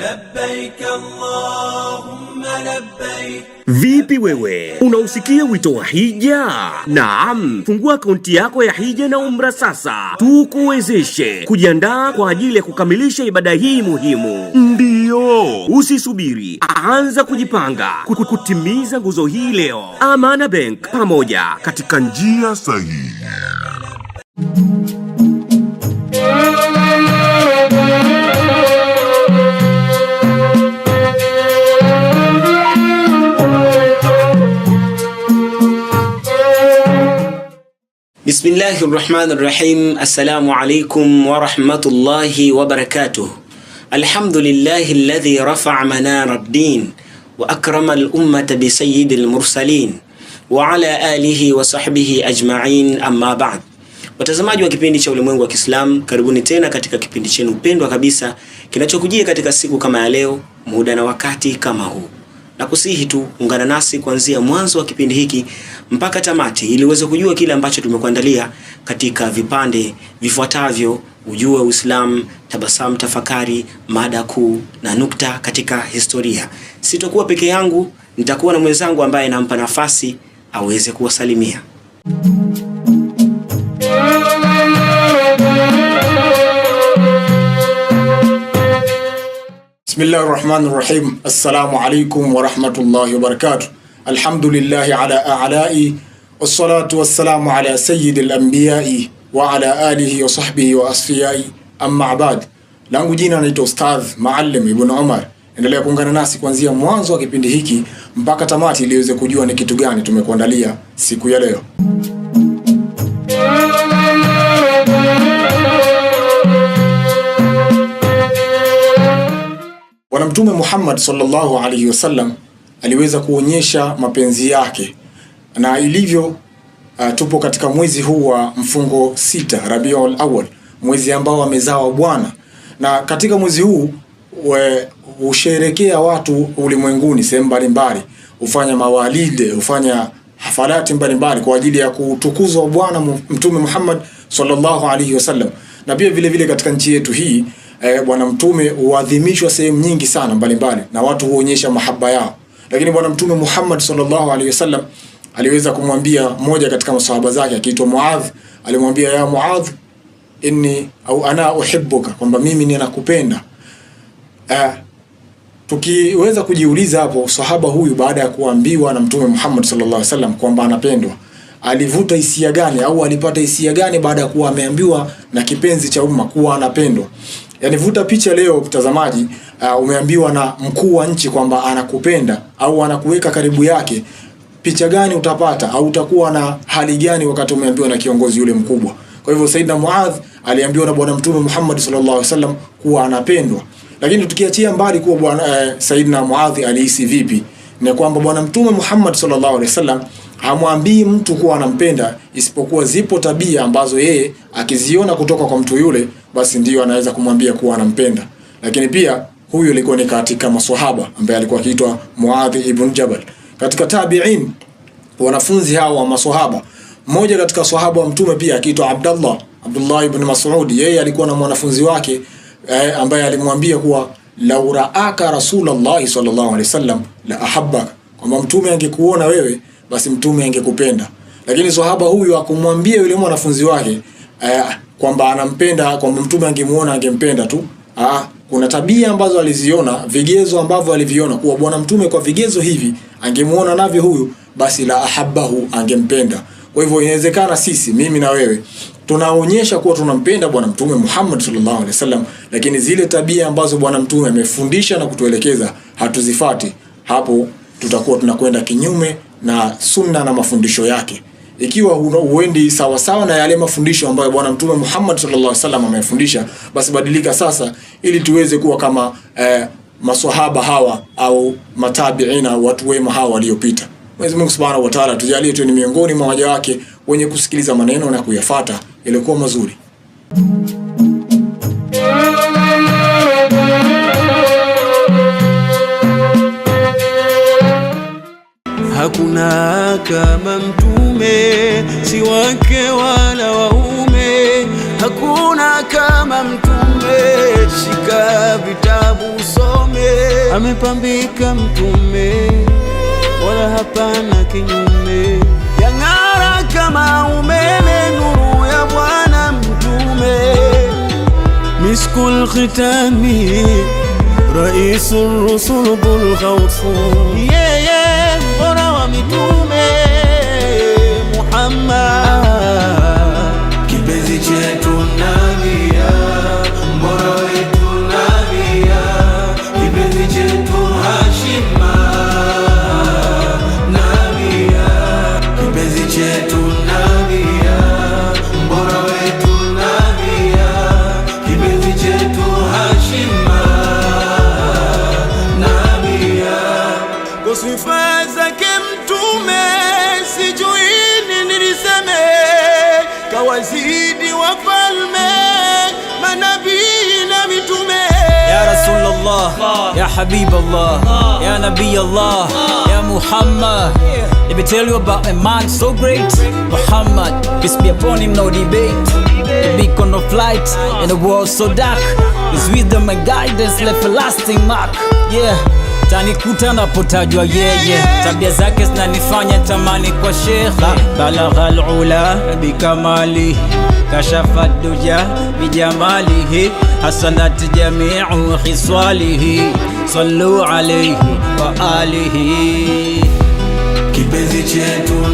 Labbaik Allahumma labbaik. Vipi wewe unausikia wito wa hija? Naam, fungua akaunti yako ya hija na umra sasa, tukuwezeshe kujiandaa kwa ajili ya kukamilisha ibada hii muhimu. Ndiyo, usisubiri, anza kujipanga kutimiza nguzo hii leo. Amana Bank, pamoja katika njia sahihi. Bismillahi rahmani rahim. Assalamu alaikum warahmatullahi wabarakatuh. Alhamdulillahi alladhi rafa'a manara ad-din wa akrama al-ummata bi wa ala alihi wa sahbihi ajma'in, amma ba'd. Watazamaji wa kipindi cha Ulimwengu wa Kiislamu, karibuni tena katika kipindi chenu pendwa kabisa kinachokujia katika siku kama ya leo, muda na wakati kama huu na kusihi tu ungana nasi kuanzia mwanzo wa kipindi hiki mpaka tamati ili uweze kujua kile ambacho tumekuandalia katika vipande vifuatavyo: Ujue Uislamu, Tabasamu Tafakari, mada kuu na nukta katika historia. Sitokuwa peke yangu, nitakuwa na mwenzangu ambaye nampa nafasi aweze kuwasalimia. Bismillahir Rahmanir Rahim. Assalamu alaykum wa rahmatullahi wa barakatuh. Alhamdulillahi ala a'la'i wassalatu wassalamu ala sayyidil anbiya'i wa ala alihi wa sahbihi wa asfiya'i. Amma ba'd. Langu jina naitwa Ustadh Maalim Ibn Omar. Endelea kuungana nasi kuanzia mwanzo wa kipindi hiki mpaka tamati ili uweze kujua ni kitu gani tumekuandalia siku ya leo. Bwana Mtume Muhammad sallallahu alaihi wasallam aliweza kuonyesha mapenzi yake na ilivyo. Uh, tupo katika mwezi huu wa mfungo sita Rabiul Awwal, mwezi ambao amezawa Bwana, na katika mwezi huu husherekea watu ulimwenguni sehemu mbalimbali, hufanya mawalide, hufanya hafalati mbalimbali kwa ajili ya kutukuzwa Bwana Mtume Muhammad sallallahu alaihi wasallam, na pia vile vile katika nchi yetu hii eh, Bwana Mtume huadhimishwa sehemu nyingi sana mbalimbali mbali, na watu huonyesha mahaba yao, lakini Bwana Mtume Muhammad sallallahu alaihi wasallam aliweza kumwambia mmoja katika masahaba zake akiitwa Muadh, alimwambia ya Muadh, inni au ana uhibbuka, kwamba mimi ninakupenda. Eh, tukiweza kujiuliza hapo, sahaba huyu baada ya kuambiwa na Mtume Muhammad sallallahu alaihi wasallam kwamba anapendwa alivuta hisia gani au alipata hisia gani baada ya kuwa ameambiwa na kipenzi cha umma kuwa anapendwa? Yaani vuta picha leo mtazamaji, uh, umeambiwa na mkuu wa nchi kwamba anakupenda au anakuweka karibu yake. Picha gani utapata au utakuwa na hali gani wakati umeambiwa na kiongozi yule mkubwa? Kwa hivyo Saidna Muadh aliambiwa na Bwana Mtume Muhammad sallallahu alaihi wasallam kuwa anapendwa. Lakini tukiachia mbali kuwa bwana eh, Saidna Muadh alihisi vipi, ni kwamba Bwana Mtume Muhammad sallallahu alaihi wasallam hamwambii mtu kuwa anampenda, isipokuwa zipo tabia ambazo yeye akiziona kutoka kwa mtu yule basi ndio anaweza kumwambia kuwa anampenda. Lakini pia huyu alikuwa ni katika maswahaba ambaye alikuwa akiitwa Muadh ibn Jabal. Katika tabi'in wanafunzi hao wa maswahaba, mmoja katika swahaba wa mtume pia akiitwa Abdullah, Abdullah ibn Mas'ud, yeye alikuwa na mwanafunzi wake eh, ambaye alimwambia kuwa lau raaka Rasulullah sallallahu alaihi wasallam la ahabbaka, kwamba mtume angekuona wewe basi mtume angekupenda. Lakini swahaba huyu akumwambia yule mwanafunzi wake eh, kwamba anampenda, kwamba mtume angemuona angempenda tu. Ah, kuna tabia ambazo aliziona, vigezo ambavyo aliviona kuwa bwana mtume kwa vigezo hivi angemuona navyo huyu, basi la ahabahu, angempenda. Kwa hivyo inawezekana sisi, mimi na wewe tunaonyesha kuwa tunampenda Bwana Mtume Muhammad sallallahu alaihi wasallam, lakini zile tabia ambazo Bwana Mtume amefundisha na kutuelekeza hatuzifati, hapo tutakuwa tunakwenda kinyume na sunna na mafundisho yake ikiwa huendi sawasawa na yale mafundisho ambayo Bwana Mtume Muhammad sallallahu alaihi wasallam amefundisha, basi badilika sasa, ili tuweze kuwa kama eh, maswahaba hawa au matabiina, watu wema hawa waliopita. Mwenyezi Mungu Subhanahu wa Ta'ala, tujalie tu ni miongoni mwa waja wake wenye kusikiliza maneno na kuyafata yaliyokuwa mazuri. hakuna kama mtume, si wake wala waume, hakuna kama mtume. Shika vitabu usome, amepambika mtume, wala hapana kinyume, yang'ara kama umeme, nuru ya Bwana mtume, miskul khitami, raisul rusul, bulghawfu yeah. wazidi wafalme, manabii na mitume. Ya Rasulullah, ya Habiballah, ya Nabi Allah, ya Muhammad. Let me tell you about a man so great, Muhammad, peace be upon him, no debate. The beacon of light in a world so dark. His wisdom and guidance left a lasting mark. Yeah tanikuta napotajwa yeye, tabia zake zinanifanya tamani kwa shekha. Balagha lula bikamalihi kashafa duja bijamalihi hasanat jamiu khiswalihi sallu alayhi wa alihi, kipenzi chetu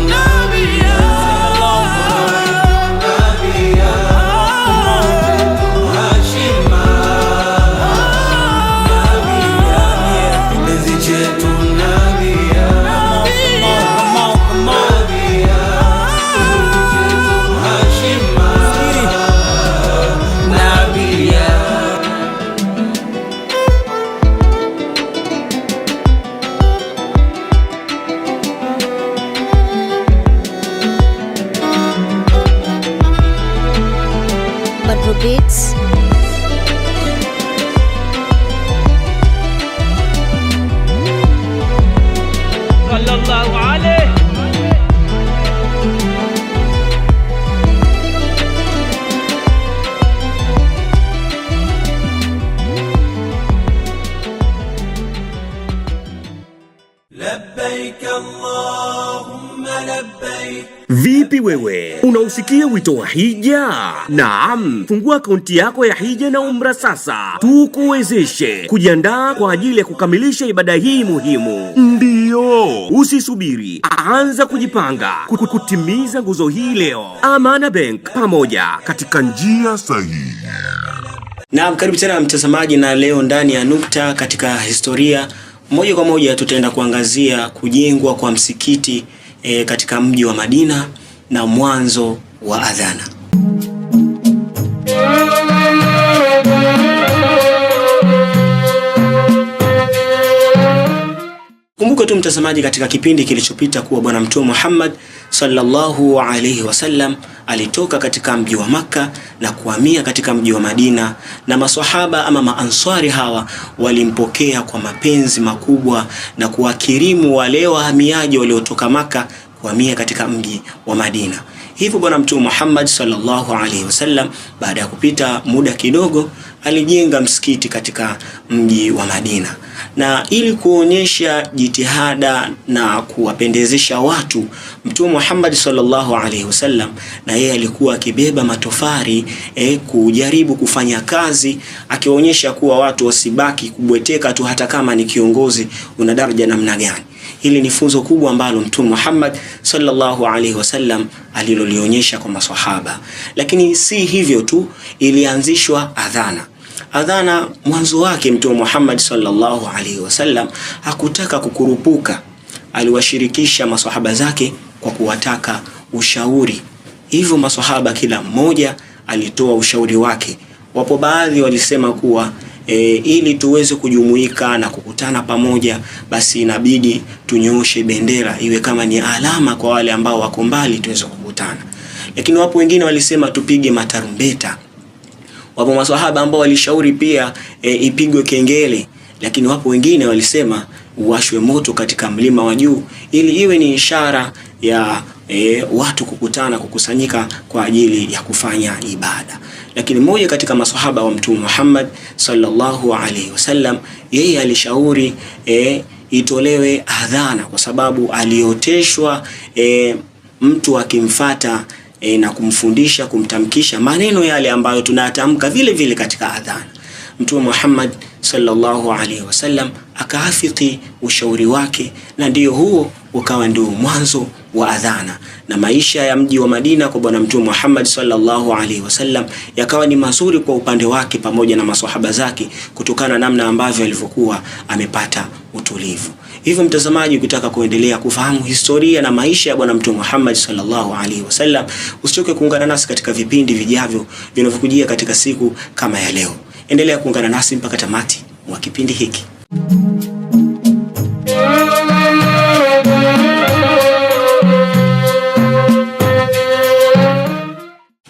Vipi wewe, unausikia wito wa hija? Naam, fungua akaunti yako ya hija na umra sasa, tukuwezeshe kujiandaa kwa ajili ya kukamilisha ibada hii muhimu. Ndiyo, usisubiri, anza kujipanga kutimiza nguzo hii leo. Amana Bank, pamoja katika njia sahihi. Naam, karibu tena mtazamaji, na leo ndani ya Nukta katika historia moja kwa moja tutaenda kuangazia kujengwa kwa msikiti e, katika mji wa Madina na mwanzo wa adhana. Kumbuka tu mtazamaji, katika kipindi kilichopita kuwa Bwana Mtume Muhammad sallallahu alaihi wasallam alitoka katika mji wa Makka na kuhamia katika mji wa Madina, na maswahaba ama maanswari hawa walimpokea kwa mapenzi makubwa na kuwakirimu wale wahamiaji waliotoka Makka kuhamia katika mji wa Madina. Hivyo Bwana Mtume Muhammad sallallahu alaihi wasallam baada ya kupita muda kidogo alijenga msikiti katika mji wa Madina na ili kuonyesha jitihada na kuwapendezesha watu, Mtume Muhammad sallallahu alaihi wasallam na yeye alikuwa akibeba matofari eh, kujaribu kufanya kazi, akionyesha kuwa watu wasibaki kubweteka tu, hata kama ni kiongozi una daraja namna gani. Hili ni funzo kubwa ambalo Mtume Muhammad sallallahu alaihi wasallam alilolionyesha kwa maswahaba, lakini si hivyo tu, ilianzishwa adhana Adhana mwanzo wake Mtume Muhammad sallallahu alaihi wasallam hakutaka kukurupuka, aliwashirikisha maswahaba zake kwa kuwataka ushauri. Hivyo maswahaba kila mmoja alitoa ushauri wake. Wapo baadhi walisema kuwa e, ili tuweze kujumuika na kukutana pamoja, basi inabidi tunyooshe bendera iwe kama ni alama kwa wale ambao wako mbali tuweze kukutana, lakini wapo wengine walisema tupige matarumbeta Wapo maswahaba ambao walishauri pia e, ipigwe kengele, lakini wapo wengine walisema uwashwe moto katika mlima wa juu ili iwe ni ishara ya e, watu kukutana kukusanyika kwa ajili ya kufanya ibada. Lakini mmoja katika maswahaba wa Mtume Muhammad sallallahu alaihi wasallam yeye alishauri e, itolewe adhana kwa sababu alioteshwa e, mtu akimfata e, na kumfundisha kumtamkisha maneno yale ambayo tunayatamka vile vile katika adhana. Mtume Muhammad sallallahu alaihi wasallam akaafiki ushauri wake, na ndiyo huo ukawa ndio mwanzo wa adhana, na maisha ya mji wa Madina kwa bwana Mtume Muhammad sallallahu alaihi wasallam yakawa ni mazuri kwa upande wake pamoja na maswahaba zake, kutokana namna ambavyo alivyokuwa amepata utulivu. Hivyo mtazamaji, ukitaka kuendelea kufahamu historia na maisha ya Bwana Mtume Muhammad sallallahu alaihi wasallam, usichoke kuungana nasi katika vipindi vijavyo vinavyokujia katika siku kama ya leo. Endelea kuungana nasi mpaka tamati mwa kipindi hiki.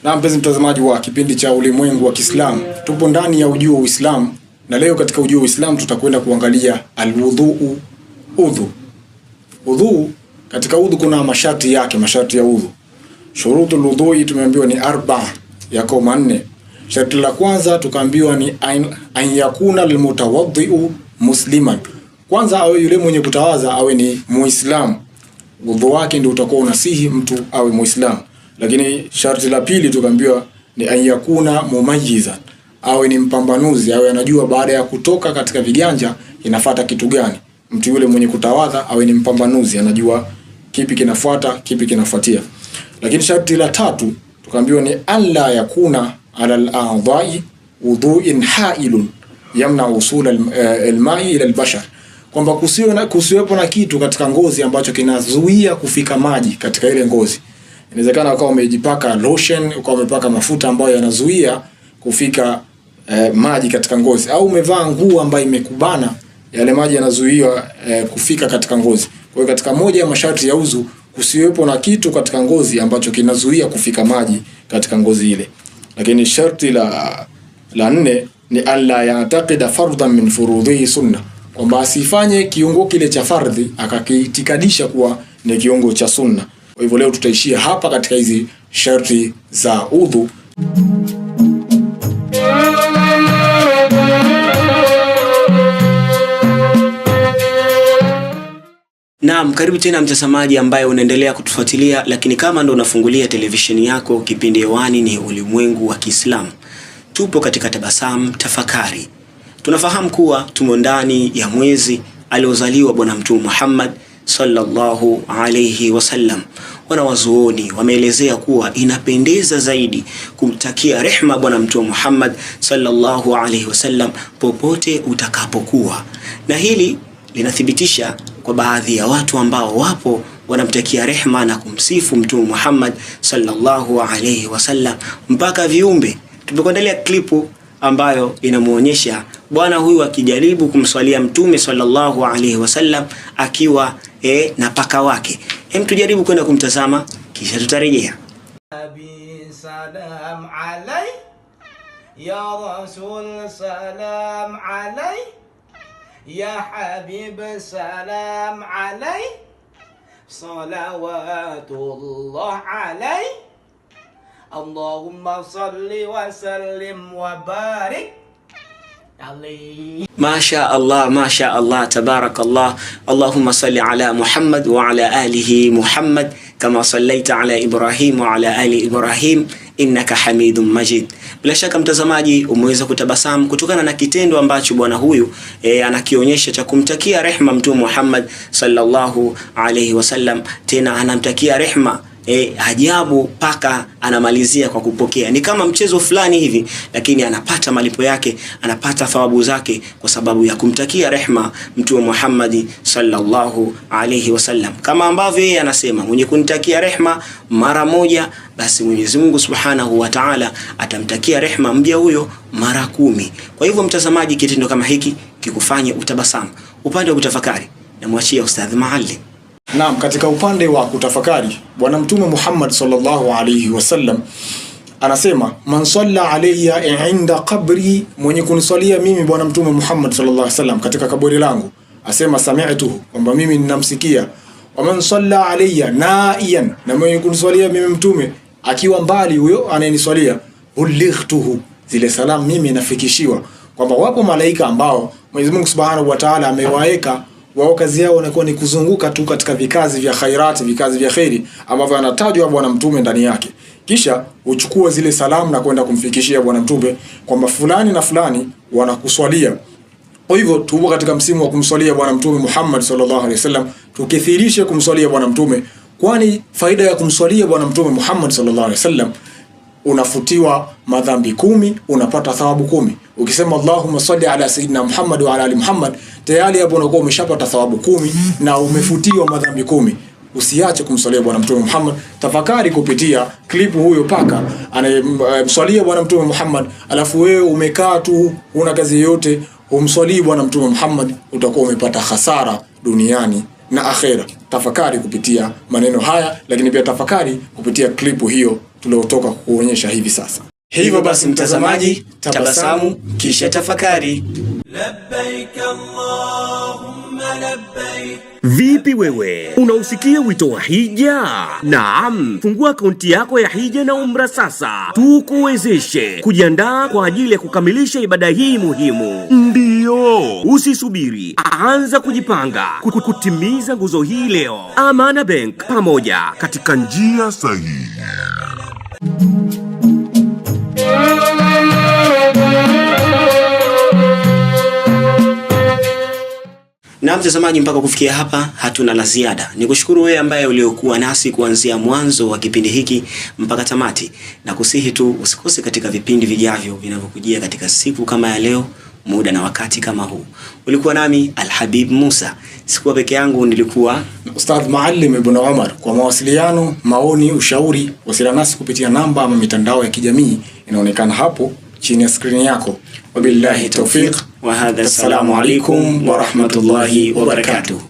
Na mpenzi mtazamaji wa kipindi cha ulimwengu wa Kiislamu, tupo ndani ya ujio wa Uislamu, na leo katika ujio wa Uislamu tutakwenda kuangalia alwudhuu udhu. Udhu, katika udhu kuna masharti yake, masharti ya udhu. Shurutul udhui tumeambiwa ni arba, yako manne. Sharti la kwanza tukaambiwa ni an yakuna lilmutawadhiu musliman, kwanza awe yule mwenye kutawaza awe ni Muislamu, udhu wake ndio utakuwa unasihi mtu awe Muislamu. Lakini sharti la pili tukaambiwa ni an yakuna mumayyiza, awe ni mpambanuzi, awe anajua baada ya kutoka katika viganja inafata kitu gani mtu yule mwenye kutawala awe ni mpambanuzi, anajua kipi kinafuata, kipi kinafuatia. Lakini sharti la tatu tukaambiwa ni alla yakuna ala al-a'dha'i wudhu'in ha'ilun yamna usul eh, al-ma'i ila al-bashar, kwamba kusiwe na kusiwepo na kitu katika ngozi ambacho kinazuia kufika maji katika ile ngozi. Inawezekana ukawa umejipaka lotion, ukawa umepaka mafuta ambayo yanazuia kufika eh, maji katika ngozi, au umevaa nguo ambayo imekubana yale maji yanazuiwa eh, kufika katika ngozi. Kwa hiyo katika moja ya masharti ya uzu kusiwepo na kitu katika ngozi ambacho kinazuia kufika maji katika ngozi ile. Lakini sharti la la nne ni alla yataqida fardhan min furudhihi sunna, kwamba asifanye kiungo kile cha fardhi akakiitikadisha kuwa ni kiungo cha sunna. Kwa hivyo leo tutaishia hapa katika hizi sharti za udhu. Naam, karibu tena mtazamaji ambaye unaendelea kutufuatilia, lakini kama ndo unafungulia televisheni yako, kipindi hewani ni Ulimwengu wa Kiislamu. Tupo katika tabasamu tafakari. Tunafahamu kuwa tumo ndani ya mwezi aliozaliwa Bwana Mtume Muhammad sallallahu alayhi wasallam. Wanawazuoni wameelezea kuwa inapendeza zaidi kumtakia rehma Bwana Mtume Muhammad sallallahu alayhi wasallam popote utakapokuwa, na hili linathibitisha kwa baadhi ya watu ambao wapo wanamtakia rehma na kumsifu Mtume Muhammad sallallahu alayhi wasallam mpaka viumbe. Tumekuandalia klipu ambayo inamuonyesha bwana huyu akijaribu kumswalia Mtume sallallahu alayhi wasallam akiwa e, na paka wake. Hem, tujaribu kwenda kumtazama kisha tutarejea. ya Rasul, salam يا حبيب سلام علي صلوات الله علي اللهم صل وسلم وبارك Masha Allah, masha Allah, tabaraka Allah. Allahumma salli ala Muhammad wa ala alihi Muhammad kama sallaita ala Ibrahim wa ala ali Ibrahim innaka hamidun majid. Bila shaka mtazamaji, umeweza kutabasamu kutokana na kitendo ambacho bwana huyu e, anakionyesha cha kumtakia rehma Mtume Muhammad sallallahu alaihi wasallam, tena anamtakia rehma e, ajabu paka anamalizia kwa kupokea. Ni kama mchezo fulani hivi, lakini anapata malipo yake, anapata thawabu zake kwa sababu ya kumtakia rehma Mtume Muhammad sallallahu alayhi wasallam, kama ambavyo yeye anasema, mwenye kunitakia rehma mara moja, basi Mwenyezi Mungu Subhanahu wa Ta'ala atamtakia rehma mja huyo mara kumi. Kwa hivyo, mtazamaji, kitendo kama hiki kikufanye utabasamu. Upande wa kutafakari, namwachia Ustadhi Maalim. Naam, katika upande wa kutafakari Bwana Mtume Muhammad sallallahu alayhi wasallam anasema man salla alayya inda qabri, mwenye kuniswalia mimi Bwana Mtume Muhammad sallallahu alayhi wasallam katika kaburi langu, asema sami'tu, kwamba mimi ninamsikia. Wa man salla alayya naiyan, na mwenye kuniswalia mimi Mtume akiwa mbali, huyo anayeniswalia, ulightuhu, zile salamu mimi nafikishiwa, kwamba wapo malaika ambao Mwenyezi Mungu Subhanahu wa Ta'ala amewaeka wao kazi yao wanakuwa ni kuzunguka tu katika vikazi vya khairati, vikazi vya kheri ambavyo anatajwa Bwana Mtume ndani yake, kisha uchukue zile salamu na kwenda kumfikishia Bwana Mtume kwamba fulani na fulani wanakuswalia. Kwa hivyo tupo katika msimu wa kumswalia Bwana Mtume Muhammad sallallahu alaihi wasallam, tukithirishe kumswalia Bwana Mtume, kwani faida ya kumswalia Bwana Mtume Muhammad sallallahu alaihi wasallam unafutiwa madhambi kumi, unapata thawabu kumi. Ukisema Allahumma salli ala sayyidina Muhammad wa ala ali Muhammad, tayari hapo unakuwa umeshapata thawabu kumi na umefutiwa madhambi kumi. Usiache kumswalia Bwana Mtume Muhammad. Tafakari kupitia klipu huyo paka anayemswalia eh, Bwana Mtume Muhammad, alafu wewe umekaa tu, una kazi yoyote, umswalii Bwana Mtume Muhammad, utakuwa umepata hasara duniani na akhera. Tafakari kupitia maneno haya, lakini pia tafakari kupitia klipu hiyo tuliotoka kuonyesha hivi sasa. Hivyo basi, mtazamaji, tabasamu kisha tafakari. Vipi wewe, unausikia wito wa hija? Naam, fungua akaunti yako ya hija na umra sasa, tukuwezeshe kujiandaa kwa ajili ya kukamilisha ibada hii muhimu. Ndiyo, usisubiri, aanza kujipanga kutimiza nguzo hii leo. Amana Bank, pamoja katika njia sahihi. Na mtazamaji, mpaka kufikia hapa hatuna la ziada. Nikushukuru wewe ambaye uliokuwa nasi kuanzia mwanzo wa kipindi hiki mpaka tamati, na kusihi tu usikose katika vipindi vijavyo vinavyokujia katika siku kama ya leo muda na wakati kama huu. Ulikuwa nami Alhabib Musa, sikuwa peke yangu, nilikuwa Ustadh Maalim Ibn Omar. Kwa mawasiliano, maoni, ushauri, wasiliana nasi kupitia namba ama mitandao ya kijamii inaonekana hapo chini ya skrini yako. Wabillahi tawfiq wa hadha, assalamu alaikum wa rahmatullahi wa barakatuh.